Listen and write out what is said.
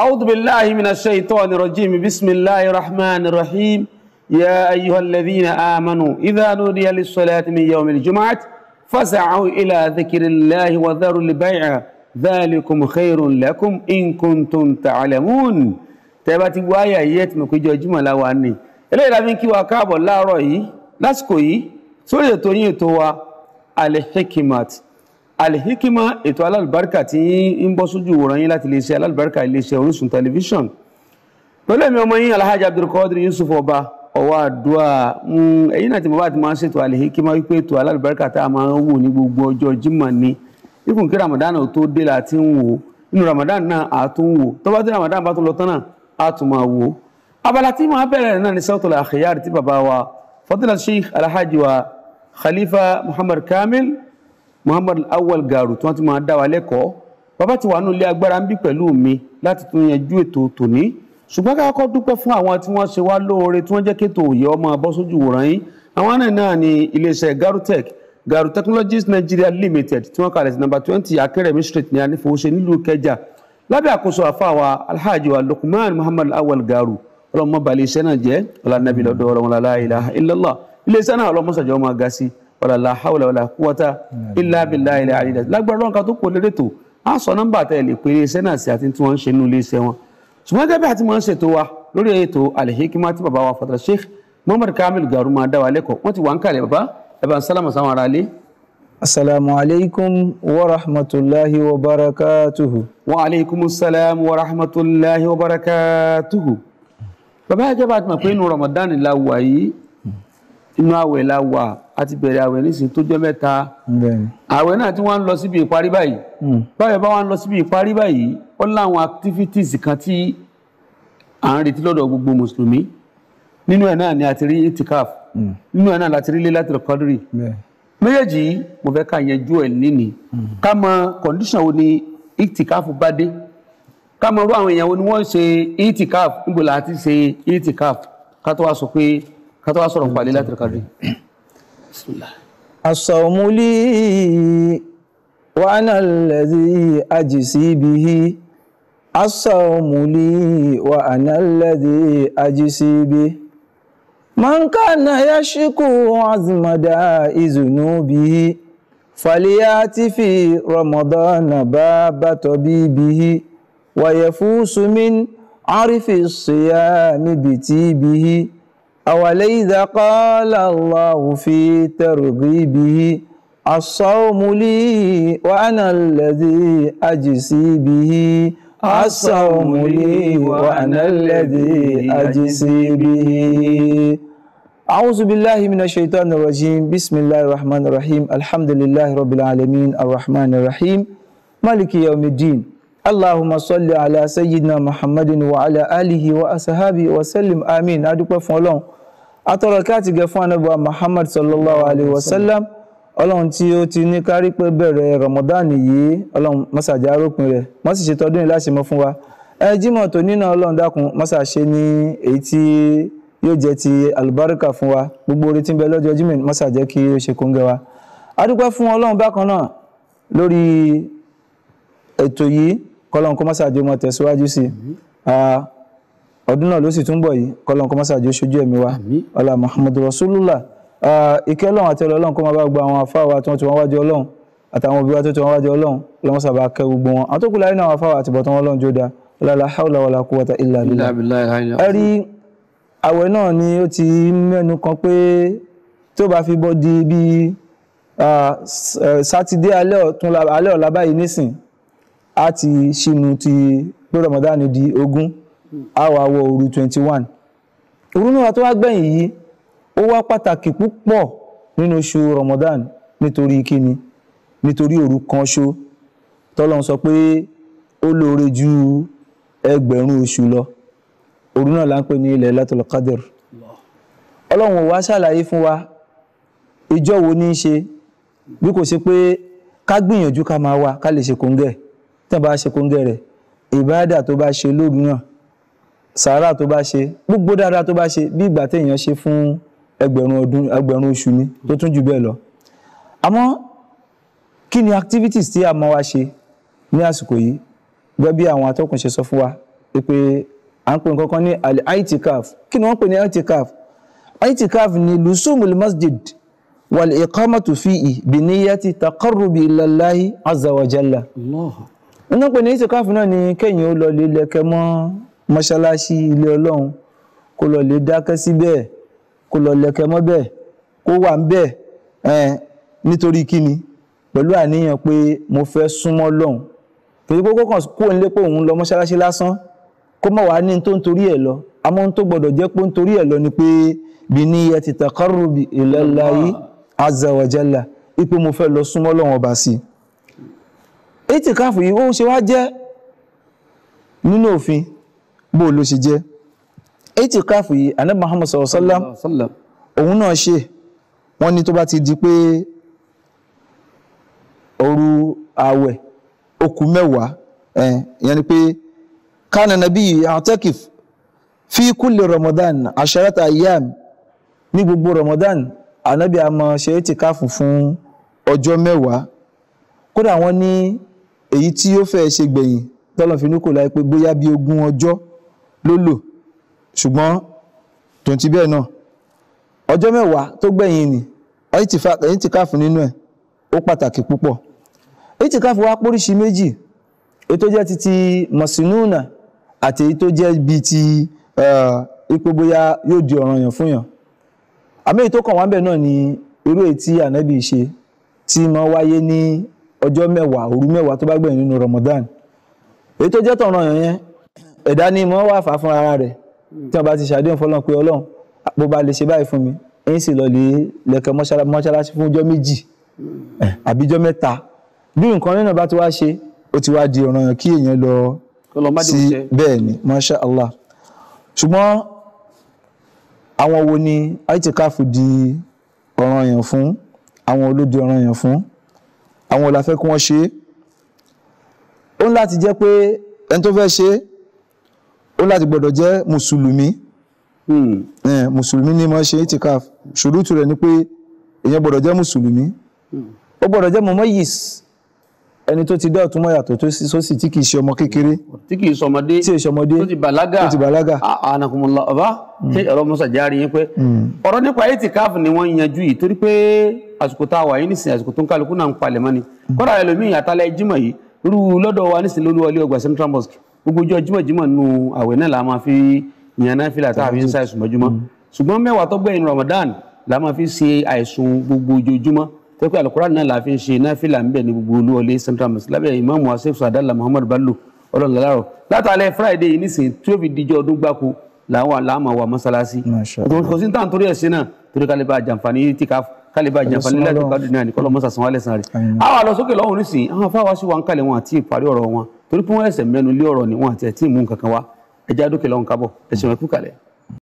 أعوذ بالله من الشيطان الرجيم بسم الله الرحمن الرحيم يا أيها الذين آمنوا إذا نودي للصلاة من يوم الجمعة فسعوا إلى ذكر الله وذروا البيع ذلكم خير لكم إن كنتم تعلمون تباتي وايا يتم كي جوجم لاواني إلي رابين كي وكابو لا رأي لاسكوي سوري توني توا الحكمات alihikima ètò alálùbáríkà tí ń bọ́ sójú wòran yín láti iléeṣẹ́ alálùbáríkà iléeṣẹ́ Orísun tẹlifíṣàn pẹ̀lú ẹ̀mí ọmọ yín alhaji abdulkadir yusuf ọba ọwọ́ àdúrà hmm, ẹ̀yin náà ti mọ̀ bá ti máa ń ṣètò alihikima wípé ètò alálùbáríkà tá a máa ń wò ní gbogbo ọjọ́ jímọ̀ ni ikùn kí ramadan tó dé la ti ń wò inú ramadan náà a tún wò tó bá dé ramadan bá tún lọ tán náà a tún máa wò abala tí máa Muhammad Awal Garu tí wọ́n ti máa dá wa lẹ́kọ̀ọ́ bàbá ti wà nù ilé agbára ń bí pẹ̀lú mi láti tún yanjú ètò tòní ṣùgbọ́n kákọ́ dúpẹ́ fún àwọn tí wọ́n ṣe wá lóore tí wọ́n jẹ́ kéètò òye ọmọ bọ́ sójú wòran yín àwọn náà náà ni iléeṣẹ́ Garutech Garu Technologies Nigeria Limited tí wọ́n kalẹ̀ sí number twenty Akérèmí Street ní anífowóṣe nílùú Kẹjà lábẹ́ àkóso àfàwà Alhaji wa Lukman Muhammad Awal Garu ọlọ́mọba iléeṣẹ́ náà jẹ́ ọlànàbí lọ́dọ̀ ọlọ́mọlá wàlà làhàwùlà wàlà kúwọ́tà ìlàbìlà ilẹ̀ àrídà lágbára ọlọ́run ká tó kó lérè tó á sọ nọ́mbà tẹ́ ẹ lè pèrè iṣẹ́ náà sí àti tí wọ́n ń ṣe nínú ilé iṣẹ́ wọn ṣùgbọ́n gẹ́gẹ́ bí àti mọ̀ ń ṣètò wa lórí ètò alihikima tí bàbá wa fàtàlá sheikh muhammad kamil garu máa dá wa lẹ́kọ̀ọ́ wọ́n ti bá ti mọ̀ pé inú ramadan la wà yìí inú àwẹ̀ la wà a ti bẹ̀rẹ̀ àwẹ̀ nísìnyí tó jẹ́ mẹ́ta àwẹ̀ náà tí wọ́n ń lọ síbi ìparí báyìí hmm. báyọ̀ bá wọ́n ń lọ síbi ìparí báyìí ó láwọn activities kan tí à ń retí lọ́dọ̀ gbogbo mùsùlùmí nínú ẹ̀ náà ni a ti rí itikaf hmm. nínú ẹ̀ náà la ti rí lélátì kọ́dírì méjèèjì mo fẹ́ ká yanjú ẹ̀ níní hmm. ká mọ condition wo ni itikaf bá dé ká mọ irú àwọn èèyàn wo ni wọ́n ṣe itikaf níbo la ti ṣe itikaf ká tó wá sọ pé ká tó wá sọ̀rọ̀ pàdé láti kàdé. as-sawmu li wa ana allazi ajsi bihi as-sawmu li wa ana allazi ajsi bihi man kana yashku azmada izunubihi faliyati fi ramadana baba tabibihi wa yafusu min arifi siyami bitibihi. أوليذ قال الله في ترغيبه الصوم لي وأنا الذي أجسي به الصوم لي وأنا الذي أجسي به أعوذ بالله من الشيطان الرجيم بسم الله الرحمن الرحيم الحمد لله رب العالمين الرحمن الرحيم مالك يوم الدين allahumma salli ala sayyidina muhammadin wa ala alihi wa asahabi wa sallim amin adúpẹ́ fún ọlọ́run atọ́rọ̀ káàtì gẹ̀ fún anábọ̀ muhammad sallallahu alayhi wa sallam ọlọ́run tí ó ti ní kárí pé bẹ̀rẹ̀ ramadan yìí ọlọ́run mọ́sàjà arópin rẹ̀ wọ́n sì ṣètọ́dún yìí láti mọ́ fún wa ẹ jímọ̀ tó nínà ọlọ́run dákun mọ́sàṣe ní èyí tí yóò jẹ́ ti àlùbáríkà fún wa gbogbo orí bẹ lọ́jọ́ jímọ̀ mọ́sàjẹ́ kí ó ṣe kóńgẹ́ wa adúpẹ́ fún ọlọ́run bákan náà lórí ètò yìí kọ́lọ́n kó mọ́sàájú mọ́ tẹ̀síwájú sí ọdún náà ló sì tún bọ̀ yìí kọ́lọ́n kó mọ́sàájú ṣojú ẹ̀mí wa ọlá muhammadu rasulullah ìkẹ́ ọlọ́run àti ọlọ́run kó máa bá gba àwọn afáwa tí wọ́n ti wọ́n wájú ọlọ́run àtàwọn òbí wa tó ti wọ́n wájú ọlọ́run lọ́mọ́sàbà kẹ́ gbogbo wọn àwọn tó kù láyé náà àwọn afáwa àti bọ̀tán wọn lọ́run jó da la hawla wala quwwata illa billah ẹ̀rí àwẹ̀ náà ni ó ti mẹ́nu kan pé tó bá fi bọ́ di bíi sátidé alẹ́ ọ̀la báyìí nísìn a ti ṣínú ti pé Ramadan di ogún a wà wọ òru twenty one òru náà tó wá gbẹ̀yìn yìí ó wá pàtàkì púpọ̀ nínú oṣù Ramadan nítorí kíni nítorí òru kan ṣo tọ́lọ́n sọ pé ó lóore ju ẹgbẹ̀rún oṣù lọ òru náà là ń pè ní ilẹ̀ látọ̀lọ́ kádẹ́rù ọlọ́run wa ṣàlàyé fún wa ìjọ wo ní í ṣe bí kò ṣe pé ká gbìyànjú ká máa wà ká lè ṣe kóńgẹ́ tẹ́ẹ̀ bá ṣe kóńgẹ́ rẹ̀ ìbáàdà tó bá ṣe lóru náà sàárà tó bá ṣe gbogbo dáadáa tó bá ṣe bí ìgbà téèyàn ṣe fún ẹgbẹ̀rún ọdún ẹgbẹ̀rún oṣù ni tó tún jù bẹ́ẹ̀ lọ àmọ́ kí ni activities tí a mọ̀ wá ṣe ní àsìkò yìí gbẹ́ bí àwọn atọ́kùn ṣe sọ fún wa pé à ń pè nǹkan ní al kí ni wọ́n pè ní aitikaf aitikaf ni lusumul masjid wal iqamatu fi'i bi niyyati taqarrubi ilallahi azza nínú pé ní ìsìnkáàfù náà ni kéèyàn ó lọ lè lẹ̀kẹ̀ mọ́ mọ́ṣáláṣí ilé ọlọ́run kó lọ lè dákẹ́ síbẹ̀ kó lọ lẹ̀kẹ̀ mọ́ bẹ́ẹ̀ kó wà ń bẹ́ẹ̀ ẹ̀ nítorí kíni pẹ̀lú àníyàn pé mo fẹ́ súnmọ́ lọ́hùn torí pé kókàn kó ń lé pé òun lọ mọ́ṣáláṣí lásán kó má wàá ní tó ń torí ẹ̀ lọ àmọ́ tó gbọ́dọ̀ jẹ́ pé ń torí ẹ̀ lọ ni pé binniyati taqarrubi ilallahi azza wa jalla ipò mo fẹ́ lọ súnmọ́ lọ́hùn ọba sí i ètì káàfù yìí ó ṣe wá jẹ́ nínú òfin bó ló ṣe jẹ́ ètì káàfù yìí anábì Muhammad sallallahu alaihi wasallam òun náà ṣe wọ́n ní tó bá ti di pé òru ààwẹ̀ okù mẹ́wàá ìyẹn ni pé kánà nàbí àtẹ́kìf fi kulli Ramadan asharata ayyam ní gbogbo Ramadan ànábì àmọ́ ṣe ètì káàfù fún ọjọ́ mẹ́wàá kódà wọ́n ní èyí tí ó fẹ́ ṣe gbẹ̀yìn tọ́lọ̀ fi núkò láì pé bóyá bí ogún ọjọ́ ló lò ṣùgbọ́n tó ti bẹ́ẹ̀ náà ọjọ́ mẹ́wàá tó gbẹ̀yìn ni ìtìkáàfù nínú ẹ̀ ó pàtàkì púpọ̀ ìtìkáàfù wá póríṣi méjì èyí tó jẹ́ ti ti mọ̀sínúùnà àti èyí tó jẹ́ bíi ti ipò bóyá yóò di ọ̀ranyàn fún yàn àmì èyí tó kàn wá ń náà ni irú èyí tí ànábì ṣe tí máa wáyé ní ọjọ́ mẹ́wàá òru mẹ́wàá tó bá gbẹ̀yìn nínú Ramadan èyí tó jẹ́ tọ̀ràn yẹn yẹn ẹ̀dá ni mo wà fà fún ara rẹ̀ tí wọ́n bá ti ṣàdéhùn fọlọ́n pé ọlọ́run bó ba lè ṣe báyìí fún mi ẹ̀yìn sì lọ lè lẹ̀kẹ̀ mọ́ṣáláṣí fún ọjọ́ méjì eh, àbíjọ́ mẹ́ta bí nǹkan nínú bá ti wá ṣe ó ti wá di ọ̀ràn kí èèyàn lọ sí bẹ́ẹ̀ ni masha allah ṣùgbọ́n àwọn wo ni àìtíkáfù di ọ̀ràn yẹn fún àwọn olódi ọ̀ràn yẹn fún àwọn ò la fẹ́ kí wọ́n ṣe é ó ń láti jẹ́ pé ẹni tó fẹ́ ṣe é ó láti gbọ́dọ̀ jẹ́ mùsùlùmí hmm. mùsùlùmí ni mo ṣe itikaf ṣùrùtù rẹ̀ ni pé èèyàn gbọ́dọ̀ jẹ́ mùsùlùmí hmm. ó gbọ́dọ̀ jẹ́ mọ̀mọ́ yìí ẹni tó ti dá ọ̀tún mọ́ yàtọ̀ tó sì tí kìí ṣe ọmọ kékeré tí kìí ṣe ọmọdé tí kìí ṣe ọmọdé tó ti bàlágà tó ti bàlágà anakunmọ̀lá ọba hmm. ṣé ọ̀rọ̀ musa járe yín pé hmm. ọ̀rọ̀ nípa etikaf ni wọ́n yanjú yìí torí pé àsìkò tá a wà yìí nísìnyí àsìkò tó ń kálukú náà ń palẹ̀ mọ́ ni hmm. ẹlòmíì àtàlẹ́ jímọ̀ yìí irú lọ́dọ̀ wa nísìnyí lólúwọlé ọgbà central mosque gbogbo ọjọ́ jímọ̀ jímọ̀ nù àwẹ̀ náà la máa fi yàn náà fi làtà Ramadan la máa fi ṣe àìsùn gbogbo tẹ́kọ̀ alukur'an náà láàfin ṣe náfìlà ń bẹ̀ ní gbogbo olúwọlé central mosque lábẹ́ imaamu asif sadala muhammad balu ọlọ́nlọ́lárọ̀ látàlẹ́ friday nísìn tí ó fi dijọ́ ọdún gbáko làwọn àlámà wà mọ́sálásí kò sí tàn torí ẹ̀sìn náà torí kálíbà àjàǹfààní tí kálíbà àjàǹfààní láti kádù náà ní kọ́lọ́ mọ́sàsán wálẹ̀ sàn rẹ̀ àwọn àlọ́ sókè lọ́wọ́ nísìn àwọn afáwa sí wa ń kalẹ̀ wọn àti ìparí ọ̀rọ̀ wọn torí pé wọ́n ẹ̀sẹ̀ mẹ́nu lé ọ̀rọ̀ ni wọn àti ẹ̀ tí ì mú nǹkan kan wá ẹ̀já dókè lọ́wọ́ ń kábọ̀ ẹ̀sìn wọn kú kalẹ̀.